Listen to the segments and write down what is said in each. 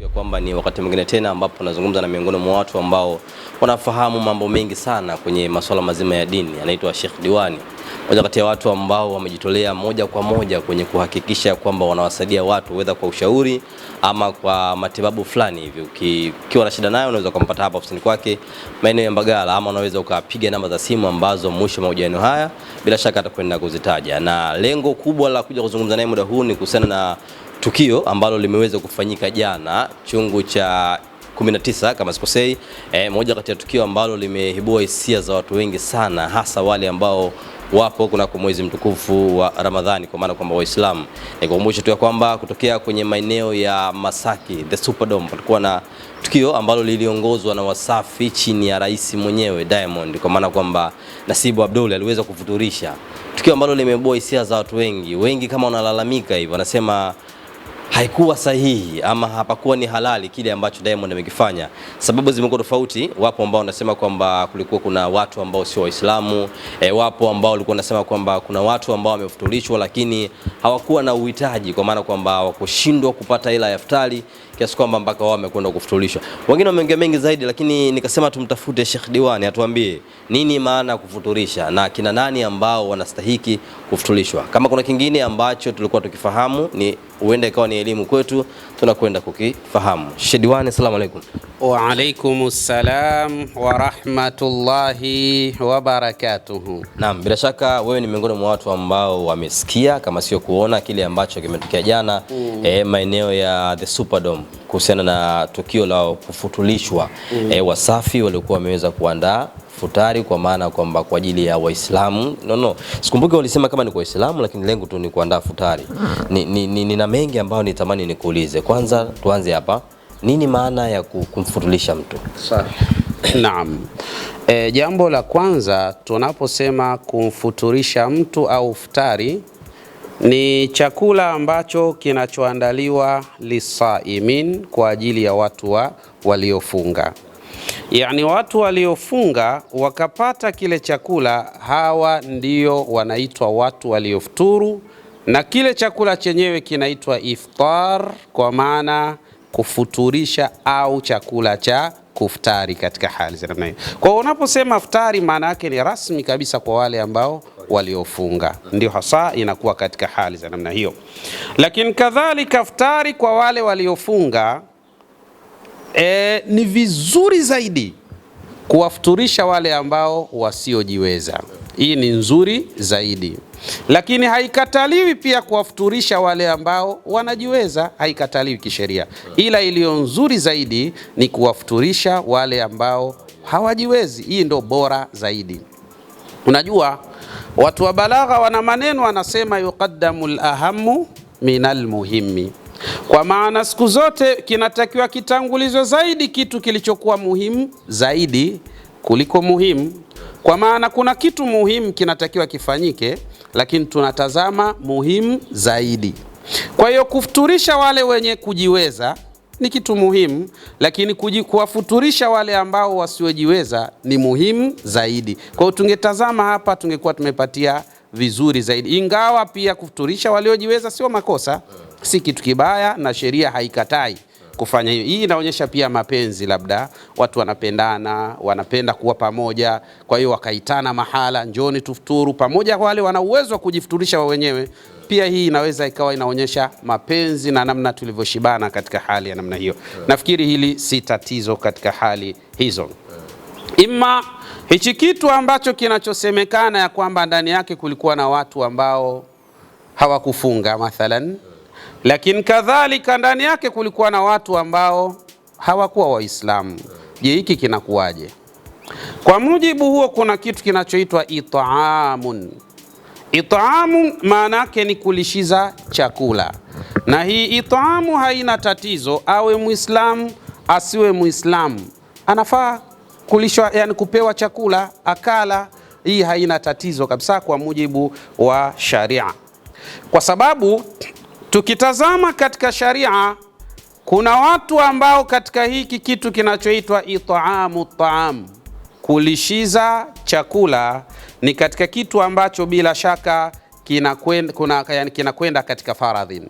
ya kwamba ni wakati mwingine tena ambapo nazungumza na miongoni mwa watu ambao wanafahamu mambo mengi sana kwenye masuala mazima ya dini. Anaitwa Sheikh Diwani, moja kati ya watu ambao wamejitolea moja kwa moja kwenye kuhakikisha kwamba wanawasaidia watu wedha kwa ushauri ama kwa matibabu fulani hivi. Ukiwa na shida nayo unaweza ukampata hapa ofisini kwake maeneo ya Mbagala, ama unaweza ukapiga namba za simu ambazo mwisho mahojiano haya bila shaka atakwenda kuzitaja, na lengo kubwa la kuja kuzungumza naye muda huu ni kuhusiana na tukio ambalo limeweza kufanyika jana chungu cha 19 kama sikosei, e, moja kati ya tukio ambalo limeibua hisia za watu wengi sana, hasa wale ambao wapo kunako mwezi mtukufu wa Ramadhani, kwa maana kwamba Waislamu. Nikukumbusha tu ya kwamba kutokea kwenye maeneo ya Masaki the Superdome palikuwa na tukio ambalo liliongozwa na Wasafi chini ya rais mwenyewe Diamond, kwa maana kwamba Nasibu Abdul aliweza kufuturisha tukio ambalo limeibua hisia za watu wengi wengi, kama wanalalamika hivyo, wanasema haikuwa sahihi ama hapakuwa ni halali kile ambacho Diamond amekifanya. Sababu zimekuwa tofauti. Wapo ambao wanasema kwamba kulikuwa kuna watu ambao sio Waislamu e, wapo ambao walikuwa wanasema kwamba kuna watu ambao wamefutulishwa, lakini hawakuwa na uhitaji, kwa maana kwamba wakushindwa kupata hela ya iftari kiasi kwamba mpaka wao wamekwenda kufutulishwa. Wengine wameongea mengi zaidi, lakini nikasema tumtafute Sheikh Diwani atuambie nini maana ya kufutulisha na kina nani ambao wanastahiki kufutulishwa. Kama kuna kingine ambacho tulikuwa tukifahamu, ni huenda ikawa ni elimu kwetu, tunakwenda kukifahamu. Sheikh Diwani, asalamu alaykum. Wa alaykum salam wa rahmatullahi wa barakatuh. Naam, bila shaka wewe ni miongoni mwa watu ambao wamesikia kama sio kuona kile ambacho kimetokea jana mm. eh, maeneo ya the Superdome kuhusiana na tukio la kufutulishwa mm. E, Wasafi waliokuwa wameweza kuandaa futari kwa maana kwamba kwa ajili ya Waislamu no, no. Sikumbuki walisema kama ni kwa Waislamu, lakini lengo tu ni kuandaa futari. Ah. ni, ni, ni, ni mengi ambayo nitamani nikuulize. Kwanza tuanze hapa, nini maana ya kumfutulisha mtu? Naam. E, jambo la kwanza tunaposema kumfuturisha mtu au futari ni chakula ambacho kinachoandaliwa lisaimin, kwa ajili ya watu wa waliofunga. yani watu waliofunga wakapata kile chakula, hawa ndio wanaitwa watu waliofuturu, na kile chakula chenyewe kinaitwa iftar, kwa maana kufuturisha au chakula cha kuftari katika hali za namna hiyo. Kwa hiyo unaposema iftari, maana yake ni rasmi kabisa kwa wale ambao waliofunga, ndio hasa inakuwa katika hali za namna hiyo. Lakini kadhalika iftari kwa wale waliofunga e, ni vizuri zaidi kuwafuturisha wale ambao wasiojiweza. Hii ni nzuri zaidi, lakini haikataliwi pia kuwafuturisha wale ambao wanajiweza, haikataliwi kisheria, ila iliyo nzuri zaidi ni kuwafuturisha wale ambao hawajiwezi. Hii ndo bora zaidi. Unajua, watu wa balagha wana maneno, wanasema yuqaddamu lahamu min almuhimi, kwa maana siku zote kinatakiwa kitangulizwe zaidi kitu kilichokuwa muhimu zaidi kuliko muhimu, kwa maana kuna kitu muhimu kinatakiwa kifanyike, lakini tunatazama muhimu zaidi. Kwa hiyo kufuturisha wale wenye kujiweza ni kitu muhimu, lakini kuwafuturisha wale ambao wasiojiweza ni muhimu zaidi. Kwa hiyo tungetazama hapa, tungekuwa tumepatia vizuri zaidi, ingawa pia kufuturisha waliojiweza sio makosa, si kitu kibaya, na sheria haikatai kufanya hiyo. Hii inaonyesha pia mapenzi, labda watu wanapendana, wanapenda kuwa pamoja, kwa hiyo wakaitana mahala, njoni tufuturu pamoja, wale wana uwezo wa kujifuturisha wao wenyewe. Pia hii inaweza ikawa inaonyesha mapenzi na namna tulivyoshibana katika hali ya namna hiyo. Nafikiri hili si tatizo katika hali hizo. Ima hichi kitu ambacho kinachosemekana ya kwamba ndani yake kulikuwa na watu ambao hawakufunga mathalan lakini kadhalika ndani yake kulikuwa na watu ambao hawakuwa Waislamu. Je, hiki kinakuwaje? Kwa mujibu huo, kuna kitu kinachoitwa itaamun. Itaamu maana yake ni kulishiza chakula, na hii itaamu haina tatizo, awe Muislamu asiwe Muislamu, anafaa kulishwa, yani kupewa chakula akala. Hii haina tatizo kabisa kwa mujibu wa sharia, kwa sababu Tukitazama katika sharia kuna watu ambao katika hiki kitu kinachoitwa itaamu taam, kulishiza chakula, ni katika kitu ambacho bila shaka kinakwenda kuna, kinakwenda katika faradhin.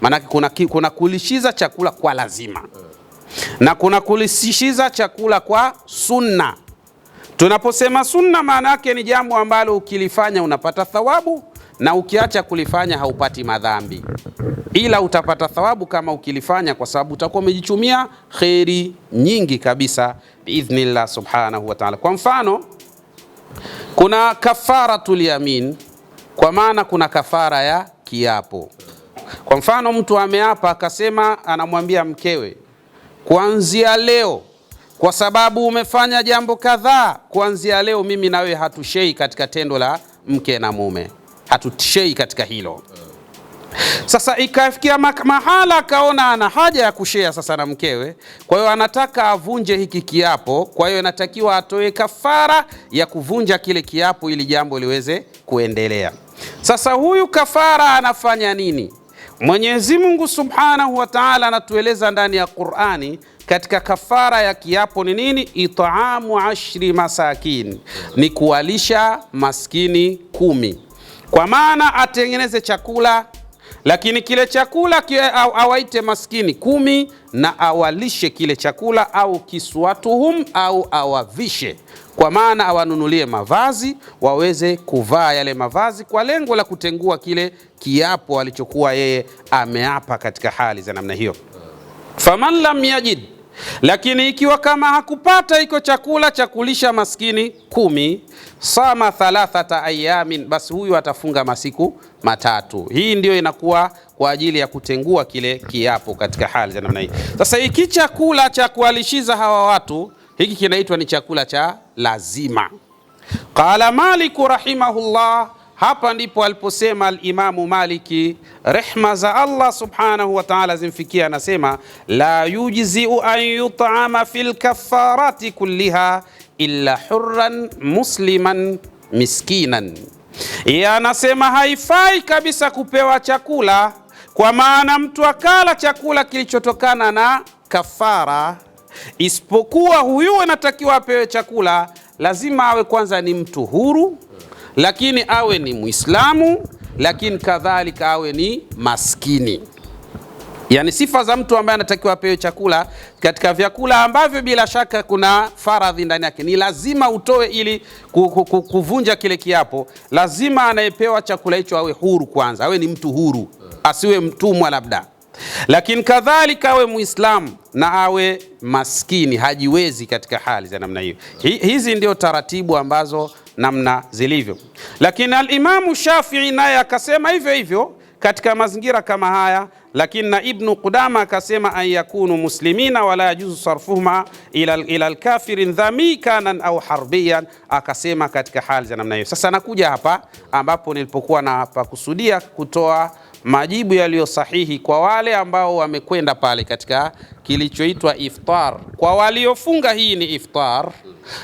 Maanake kuna, kuna kulishiza chakula kwa lazima na kuna kulishiza chakula kwa sunna. Tunaposema sunna, maana yake ni jambo ambalo ukilifanya unapata thawabu na ukiacha kulifanya haupati madhambi, ila utapata thawabu kama ukilifanya, kwa sababu utakuwa umejichumia kheri nyingi kabisa biidhnillah subhanahu wa ta'ala. Kwa mfano, kuna kafaratul yamin, kwa maana kuna kafara ya kiapo. Kwa mfano, mtu ameapa akasema, anamwambia mkewe, kuanzia leo kwa sababu umefanya jambo kadhaa, kuanzia leo mimi nawe hatushei katika tendo la mke na mume hatutishei katika hilo. Sasa ikafikia mahala akaona ana haja ya kushea sasa na mkewe, kwa hiyo anataka avunje hiki kiapo. Kwa hiyo inatakiwa atoe kafara ya kuvunja kile kiapo ili jambo liweze kuendelea. Sasa huyu kafara anafanya nini? Mwenyezi Mungu Subhanahu wa Ta'ala anatueleza ndani ya Qur'ani katika kafara ya kiapo ni nini? Itaamu ashri masakin, ni kuwalisha maskini kumi kwa maana atengeneze chakula, lakini kile chakula awaite maskini kumi na awalishe kile chakula, au kiswatuhum, au awavishe, kwa maana awanunulie mavazi waweze kuvaa yale mavazi, kwa lengo la kutengua kile kiapo alichokuwa yeye ameapa katika hali za namna hiyo. faman lam yajid lakini ikiwa kama hakupata iko chakula cha kulisha maskini kumi, sama thalathata ayamin, basi huyu atafunga masiku matatu. Hii ndio inakuwa kwa ajili ya kutengua kile kiapo katika hali za namna hii. Sasa hiki chakula cha kuwalishiza hawa watu hiki kinaitwa ni chakula cha lazima. Qala Maliku rahimahullah hapa ndipo aliposema Alimamu Maliki, rehma za Allah subhanahu wa taala zimfikia, anasema la yujziu an yutama fi lkafarati kulliha illa hurran musliman miskinan, anasema haifai kabisa kupewa chakula, kwa maana mtu akala chakula kilichotokana na kafara, isipokuwa huyu anatakiwa apewe chakula, lazima awe kwanza ni mtu huru lakini awe ni Muislamu, lakini kadhalika awe ni maskini. Yaani sifa za mtu ambaye anatakiwa apewe chakula katika vyakula ambavyo bila shaka kuna faradhi ndani yake, ni lazima utoe ili kuvunja kile kiapo. Lazima anayepewa chakula hicho awe huru kwanza, awe ni mtu huru, asiwe mtumwa labda lakini kadhalika awe Muislamu na awe maskini, hajiwezi katika hali za namna hiyo. Hizi ndio taratibu ambazo namna zilivyo. Lakini Alimamu Shafii naye akasema hivyo hivyo katika mazingira kama haya, lakini na Ibnu Qudama akasema an yakunu muslimina wala yajuzu sarfuhuma ila lkafirin dhami kanan au harbiyan, akasema katika hali za namna hiyo. Sasa nakuja hapa ambapo nilipokuwa na pakusudia kutoa majibu yaliyo sahihi kwa wale ambao wamekwenda pale katika kilichoitwa iftar. Kwa waliofunga hii ni iftar,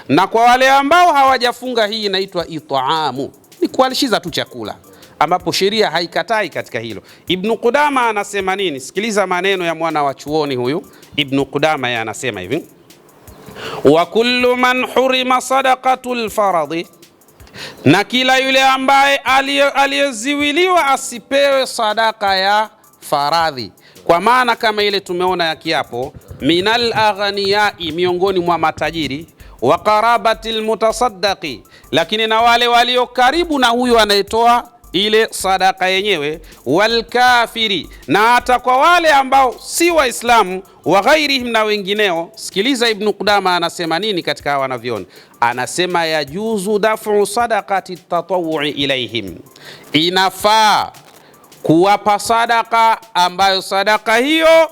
na kwa wale ambao hawajafunga hii inaitwa itaamu, ni kualishiza tu chakula, ambapo sheria haikatai katika hilo. Ibnu Qudama anasema nini? Sikiliza maneno ya mwana wa chuoni huyu Ibnu Qudama, yeye anasema hivi wa kullu man hurima sadaqatul faradhi na kila yule ambaye aliyeziwiliwa asipewe sadaka ya faradhi, kwa maana kama ile tumeona ya kiapo, minal aghniyai, miongoni mwa matajiri wa qarabati lmutasaddaqi, lakini na wale walio karibu na huyo anayetoa ile sadaka yenyewe, walkafiri, na hata kwa wale ambao si Waislamu, wa ghairihim, na wengineo. Sikiliza Ibnu Qudama anasema nini katika hawa wanavyoona anasema yajuzu dafu sadaqati tatawui ilaihim, inafaa kuwapa sadaka ambayo sadaka hiyo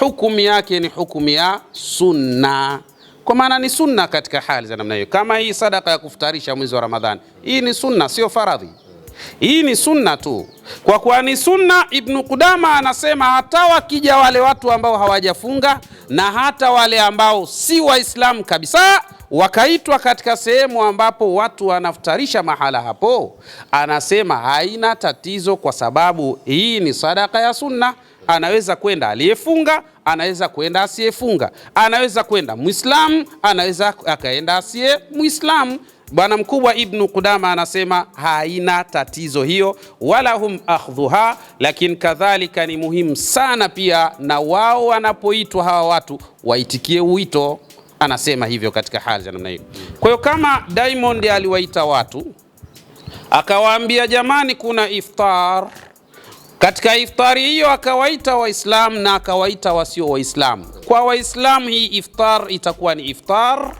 hukumu yake ni hukumu ya sunna, kwa maana ni sunna katika hali za namna hiyo, kama hii sadaka ya kufutarisha mwezi wa Ramadhani, hii ni sunna, sio faradhi. Hii ni sunna tu, kwa kuwa ni sunna. Ibnu Qudama anasema hata wakija wale watu ambao hawajafunga na hata wale ambao si Waislamu kabisa wakaitwa katika sehemu ambapo watu wanafutarisha mahala hapo, anasema haina tatizo, kwa sababu hii ni sadaka ya sunna. Anaweza kwenda aliyefunga, anaweza kwenda asiyefunga, anaweza kwenda Muislamu, anaweza akaenda asiye Muislamu. Bwana mkubwa Ibnu Qudama anasema haina tatizo hiyo, wala hum akhdhuha, lakini kadhalika ni muhimu sana pia na wao wanapoitwa hawa watu waitikie uwito. Anasema hivyo katika hali ya namna hiyo. Kwa hiyo kama Diamond aliwaita watu akawaambia, jamani, kuna iftar katika iftari hiyo akawaita Waislamu na akawaita wasio Waislamu. Kwa Waislamu hii iftar itakuwa ni iftar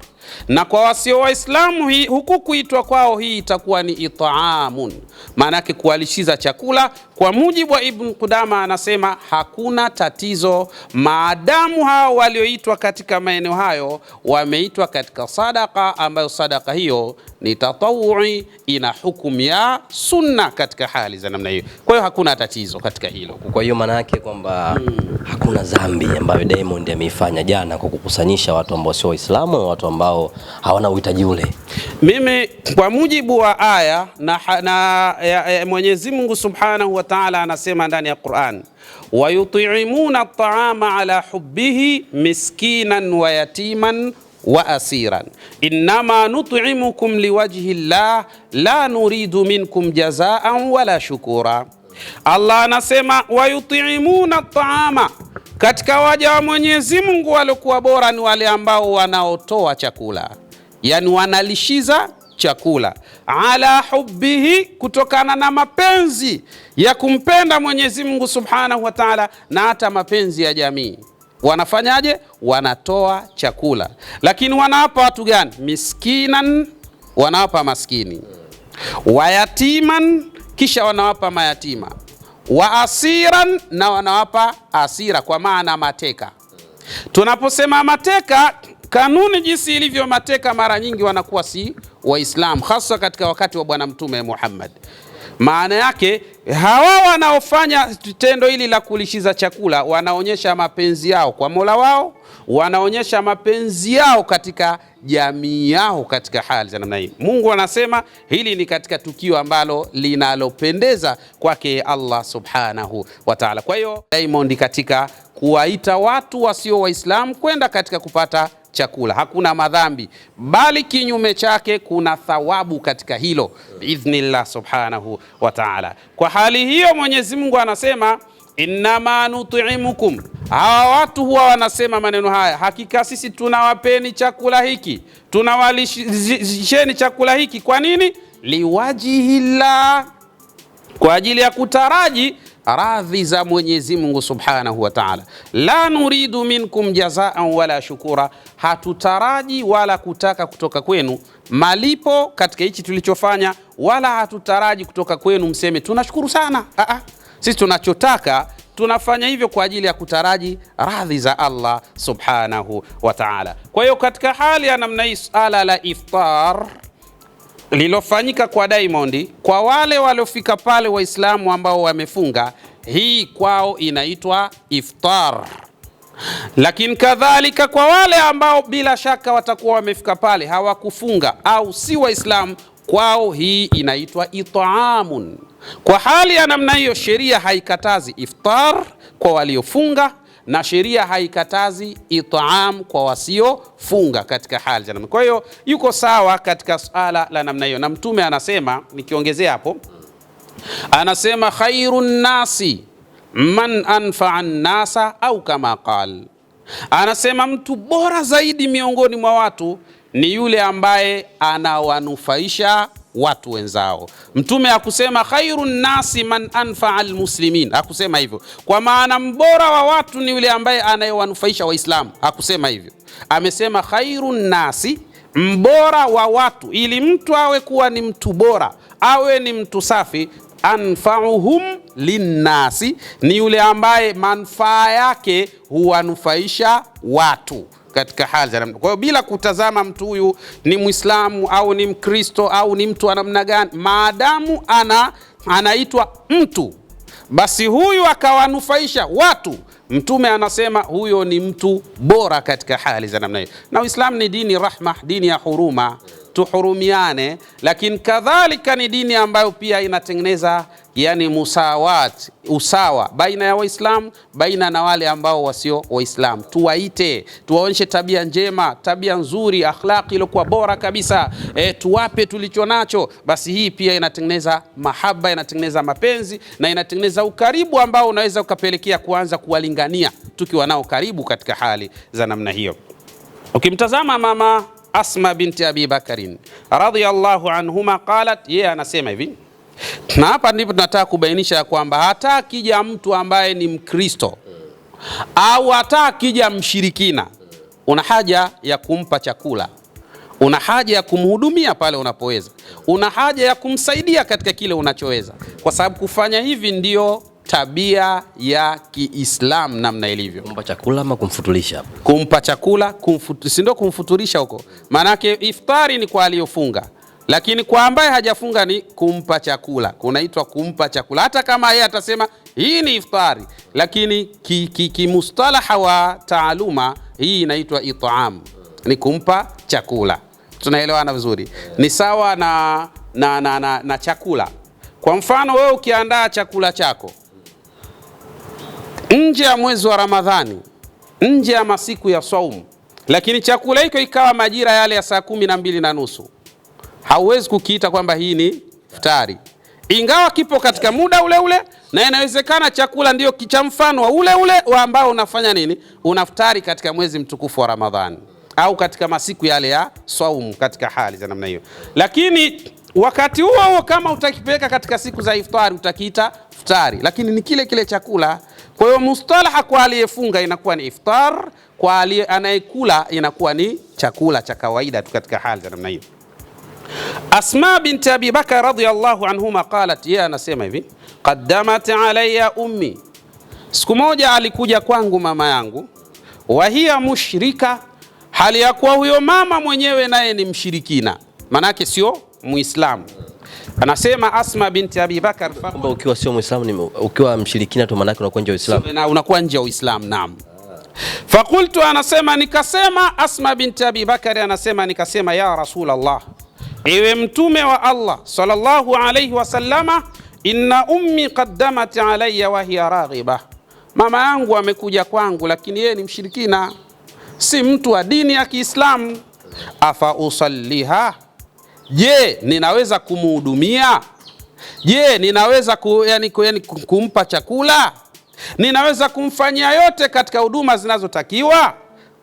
na kwa wasio Waislamu hii huku kuitwa kwao hii itakuwa ni itaamun, maana yake kualishiza chakula. Kwa mujibu wa Ibn Qudama anasema hakuna tatizo maadamu hao walioitwa katika maeneo hayo wameitwa katika sadaka, ambayo sadaka hiyo ni tatawui, ina hukumu ya sunna katika hali za namna hiyo. Kwa hiyo hakuna tatizo katika hilo. Kwa hiyo maana yake kwamba hmm, hakuna dhambi ambayo Diamond ameifanya jana kwa kukusanyisha watu ambao sio Waislamu na watu ambao ambao hawana uhitaji ule. Mimi kwa mujibu wa aya na, na Mwenyezi Mungu Subhanahu wa Ta'ala anasema ndani ya Qur'an, wayutimuna at-ta'ama ala hubbihi miskinan wa yatiman wa asiran innama nut'imukum liwajhi llah la nuridu minkum jazaan wala shukura. Allah anasema wayutimuna at-ta'ama katika waja wa Mwenyezi Mungu waliokuwa bora ni wale ambao wanaotoa chakula, yani wanalishiza chakula ala hubbihi, kutokana na mapenzi ya kumpenda Mwenyezi Mungu Subhanahu wa Ta'ala, na hata mapenzi ya jamii. Wanafanyaje? Wanatoa chakula, lakini wanawapa watu gani? Miskinan, wanawapa maskini, wayatiman, kisha wanawapa mayatima wa asiran, na wanawapa asira kwa maana mateka. Tunaposema mateka, kanuni jinsi ilivyo, mateka mara nyingi wanakuwa si Waislamu, hasa katika wakati wa Bwana Mtume Muhammad. Maana yake hawa wanaofanya tendo hili la kulishiza chakula wanaonyesha mapenzi yao kwa Mola wao wanaonyesha mapenzi yao katika jamii yao katika hali za namna hii. Mungu anasema hili ni katika tukio ambalo linalopendeza kwake Allah subhanahu wa ta'ala. Kwa hiyo Diamond katika kuwaita watu wasio Waislamu kwenda katika kupata chakula hakuna madhambi, bali kinyume chake kuna thawabu katika hilo biidhnillah subhanahu wa ta'ala. Kwa hali hiyo Mwenyezi Mungu anasema innama nutimukum Hawa watu huwa wanasema maneno haya, hakika sisi tunawapeni chakula hiki, tunawalisheni chakula hiki. Kwa nini? Liwajihillah, kwa ajili ya kutaraji radhi za Mwenyezi Mungu Subhanahu wa Ta'ala. La nuridu minkum jazaan wala shukura, hatutaraji wala kutaka kutoka kwenu malipo katika hichi tulichofanya, wala hatutaraji kutoka kwenu mseme tunashukuru sana. Aa, ah, ah. sisi tunachotaka tunafanya hivyo kwa ajili ya kutaraji radhi za Allah subhanahu wa ta'ala. Kwa hiyo katika hali ya namna hii, sala la iftar lilofanyika kwa Diamond, kwa wale waliofika pale Waislamu ambao wamefunga, hii kwao inaitwa iftar lakini kadhalika kwa wale ambao bila shaka watakuwa wamefika pale hawakufunga au si Waislamu, kwao hii inaitwa itaamun. Kwa hali ya namna hiyo, sheria haikatazi iftar kwa waliofunga na sheria haikatazi itaam kwa wasiofunga katika hali za Kwa hiyo yuko sawa katika swala la namna hiyo, na Mtume anasema, nikiongezea hapo, anasema khairu nnasi man anfaa nnasa au kama qal, anasema mtu bora zaidi miongoni mwa watu ni yule ambaye anawanufaisha watu wenzao. Mtume akusema khairu nnasi man anfaa almuslimin, akusema hivyo, kwa maana mbora wa watu ni yule ambaye anayewanufaisha Waislamu. akusema hivyo, amesema khairu nnasi, mbora wa watu. Ili mtu awe kuwa ni mtu bora, awe ni mtu safi anfauhum linnasi, ni yule ambaye manufaa yake huwanufaisha watu katika hali za namna. Kwa hiyo bila kutazama mtu huyu ni Mwislamu au ni Mkristo au ni mtu wa namna gani, maadamu ana anaitwa mtu, basi huyu akawanufaisha watu. Mtume anasema huyo ni mtu bora katika hali za namna hiyo, na Uislamu ni dini rahma, dini ya huruma tuhurumiane, lakini kadhalika ni dini ambayo pia inatengeneza yani musawat, usawa baina ya Waislamu baina na wale ambao wasio Waislamu. Tuwaite, tuwaonyeshe tabia njema, tabia nzuri, akhlaqi iliyokuwa bora kabisa. E, tuwape tulicho nacho. Basi hii pia inatengeneza mahaba, inatengeneza mapenzi na inatengeneza ukaribu ambao unaweza ukapelekea kuanza kuwalingania, tukiwa nao karibu katika hali za namna hiyo. Ukimtazama mama Asma binti Abi Bakarin radhiyallahu anhuma qalat, yeye anasema hivi, na hapa ndipo tunataka kubainisha ya kwamba hata akija mtu ambaye ni Mkristo au hata akija mshirikina, una haja ya kumpa chakula, una haja ya kumhudumia pale unapoweza, una haja ya kumsaidia katika kile unachoweza, kwa sababu kufanya hivi ndio tabia ya Kiislam namna ilivyo. Kumpa chakula ama kumfutulisha? Kumpa chakula kumfutu, si ndio kumfutulisha huko, maanake iftari ni kwa aliyofunga, lakini kwa ambaye hajafunga ni kumpa chakula, kunaitwa kumpa chakula, hata kama yeye atasema hii ni iftari, lakini kimustalaha ki, ki wa taaluma hii inaitwa itaam, ni kumpa chakula. Tunaelewana vizuri? Ni sawa na na, na, na na chakula. Kwa mfano wewe ukiandaa chakula chako nje ya mwezi wa Ramadhani, nje ya masiku ya saumu, lakini chakula hicho ikawa majira yale ya saa kumi na mbili na nusu, hauwezi kukiita kwamba hii ni iftari, ingawa kipo katika muda ule ule, na inawezekana chakula ndio kicha mfano wa ule ule wa ambao unafanya nini, unaftari katika mwezi mtukufu wa Ramadhani au katika masiku yale ya saumu, katika hali za namna hiyo. Lakini wakati huo huo, kama utakipeleka katika siku za iftari, utakiita iftari, lakini ni kile kile chakula kwa hiyo mustalaha kwa aliyefunga inakuwa ni iftar, kwa anayekula inakuwa ni chakula cha kawaida tu katika hali za namna hiyo. Asma binti Abi Bakar radhiyallahu anhuma qalat, yeye anasema hivi qaddamat alayya ummi, siku moja alikuja kwangu mama yangu, wa hiya mushrika, hali ya kuwa huyo mama mwenyewe naye ni mshirikina, maanake sio Muislamu. Anasema Asma binti Abi Bakar, kwamba ukiwa sio Muislamu, ukiwa mshirikina tu, maanake unakuwa nje ya Uislamu, na unakuwa nje ya Uislamu. Naam. Fakultu, anasema nikasema, Asma binti Abi Bakari anasema nikasema, ya Rasulullah, ewe mtume wa Allah sallallahu alayhi wasallama, inna ummi qaddamat alayya wa hiya raghiba, mama yangu amekuja kwangu, lakini yeye ni mshirikina, si mtu wa dini ya Kiislamu. Afa usalliha Je, ninaweza kumuhudumia? Je, ninaweza ku, yani, ku, yani, kumpa chakula? Ninaweza kumfanyia yote katika huduma zinazotakiwa?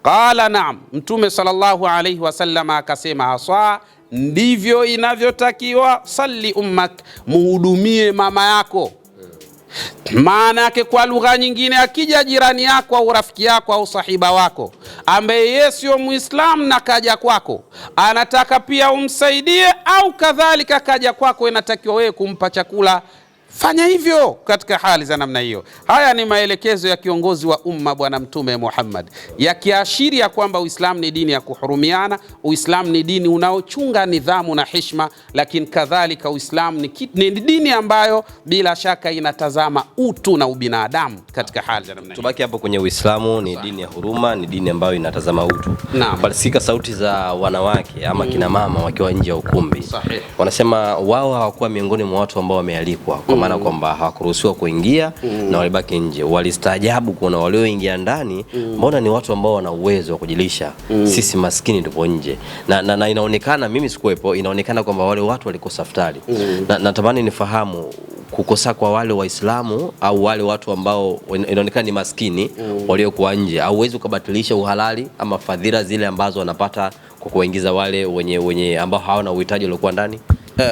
Qala naam, Mtume sallallahu alaihi wasallam akasema haswa ndivyo inavyotakiwa. Salli ummak, muhudumie mama yako. Maana yake kwa lugha nyingine, akija jirani yako au rafiki yako au sahiba wako ambaye yeye sio Muislamu na kaja kwako, anataka pia umsaidie, au kadhalika kaja kwako, inatakiwa wewe kumpa chakula Fanya hivyo katika hali za namna hiyo. Haya ni maelekezo ya kiongozi wa umma Bwana Mtume Muhammad, yakiashiria kwamba Uislamu ni dini ya kuhurumiana. Uislamu ni dini unaochunga nidhamu na heshima, lakini kadhalika Uislamu ni, ni dini ambayo bila shaka inatazama utu na ubinadamu katika hali za namna hiyo. Tubaki hapo kwenye Uislamu, ni dini ya huruma, ni dini ambayo inatazama utu. Palisika sauti za wanawake ama mm. kinamama wakiwa nje ya ukumbi, wanasema wao hawakuwa miongoni mwa watu ambao wamealikwa maana mm. kwamba hawakuruhusiwa kuingia mm. na walibaki nje. Walistaajabu kuona walioingia ndani mbona mm. ni watu ambao wana uwezo wa kujilisha mm. sisi maskini tupo nje na, na, na inaonekana mimi sikuwepo, inaonekana kwamba wale watu walikosa futari mm. na, natamani nifahamu kukosa kwa wale Waislamu au wale watu ambao inaonekana ni maskini mm. waliokuwa nje, au huwezi ukabatilisha uhalali ama fadhila zile ambazo wanapata kwa kuwaingiza wale wenye, wenye ambao hawana uhitaji waliokuwa ndani. Uh,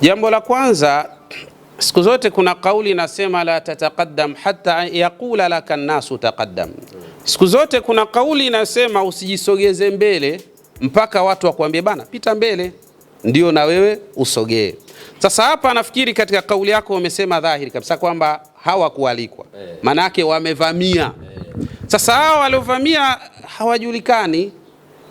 jambo la kwanza Siku zote kuna kauli inasema la tataqaddam hata yaqula laka nnasu taqaddam. Siku zote kuna kauli inasema usijisogeze mbele mpaka watu wakuambie, bana, pita mbele ndio na wewe usogee. Sasa hapa nafikiri katika kauli yako wamesema dhahiri kabisa kwamba hawakualikwa, eh. maanake wamevamia. Eh. Sasa hawa waliovamia hawajulikani.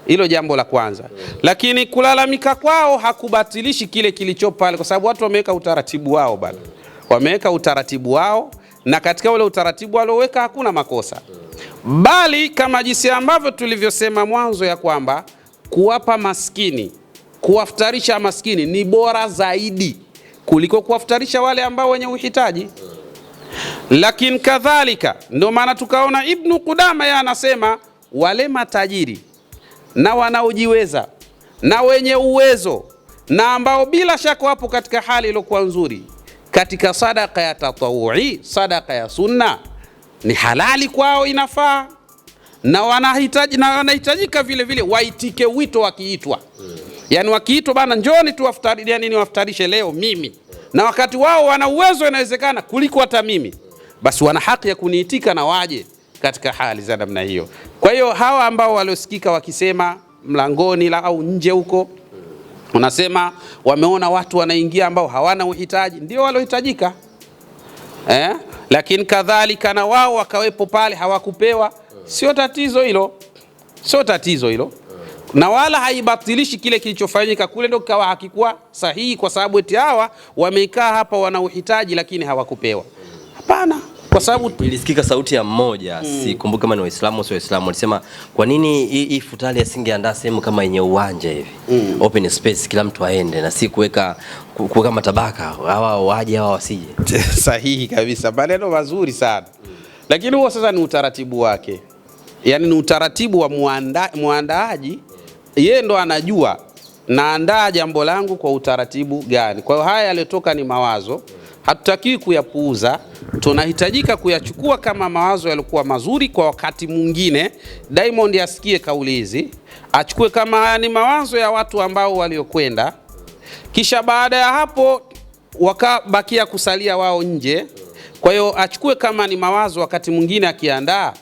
Hilo jambo la kwanza, lakini kulalamika kwao hakubatilishi kile kilichopo pale, kwa sababu watu wameweka utaratibu wao bana, wameweka utaratibu wao, na katika ule utaratibu walioweka hakuna makosa, bali kama jinsi ambavyo tulivyosema mwanzo ya kwamba kuwapa maskini, kuwafutarisha maskini ni bora zaidi kuliko kuwafutarisha wale ambao wenye uhitaji. Lakini kadhalika ndio maana tukaona Ibnu Qudama yeye anasema wale matajiri na wanaojiweza na wenye uwezo na ambao bila shaka wapo katika hali iliyokuwa nzuri katika sadaka ya tatawui, sadaka ya sunna ni halali kwao, inafaa na wanahitaji na wanahitajika vile vile waitike wito wakiitwa, yani wakiitwa bana, njoni tu waftari, yani niwafutarishe leo mimi, na wakati wao wana uwezo inawezekana kuliko hata mimi, basi wana haki ya kuniitika na waje katika hali za namna hiyo. Kwa hiyo hawa ambao waliosikika wakisema mlangoni la au nje huko, unasema wameona watu wanaingia ambao hawana uhitaji, ndio waliohitajika eh? Lakini kadhalika na wao wakawepo pale hawakupewa, sio tatizo hilo, sio tatizo hilo na wala haibatilishi kile kilichofanyika kule, ndio kikawa hakikuwa sahihi, kwa sababu eti hawa wamekaa hapa wana uhitaji lakini hawakupewa. Hapana, kwa sababu ilisikika sauti ya mmoja mm. sikumbuki kama ni Waislamu sio Waislamu, alisema kwa nini hii futali asingeandaa sehemu kama yenye uwanja hivi mm. open space, kila mtu aende na si kuweka kuweka matabaka, hawa waje hawa wasije. Sahihi kabisa, maneno mazuri sana mm. lakini huo sasa ni utaratibu wake, yaani ni utaratibu wa muanda, mm. yeye ndo anajua naandaa jambo langu kwa utaratibu gani. Kwa hiyo haya yaliyotoka ni mawazo mm hatutakii kuyapuuza, tunahitajika kuyachukua kama mawazo yalikuwa mazuri kwa wakati mwingine. Diamond asikie kauli hizi, achukue kama ni mawazo ya watu ambao waliokwenda, kisha baada ya hapo wakabakia kusalia wao nje. Kwa hiyo achukue kama ni mawazo, wakati mwingine akiandaa,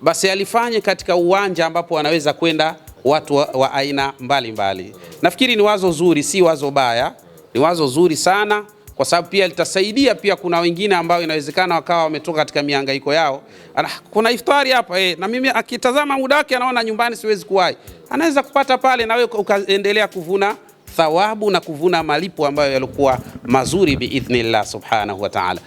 basi alifanye katika uwanja ambapo wanaweza kwenda watu wa, wa aina mbalimbali mbali. Nafikiri ni wazo zuri, si wazo baya, ni wazo zuri sana kwa sababu pia litasaidia pia. Kuna wengine ambao inawezekana wakawa wametoka katika mihangaiko yao, kuna iftari hapa eh, na mimi akitazama muda wake anaona nyumbani siwezi kuwahi, anaweza kupata pale na wewe ukaendelea kuvuna thawabu na kuvuna malipo ambayo yalikuwa mazuri biidhnillah subhanahu wa ta'ala.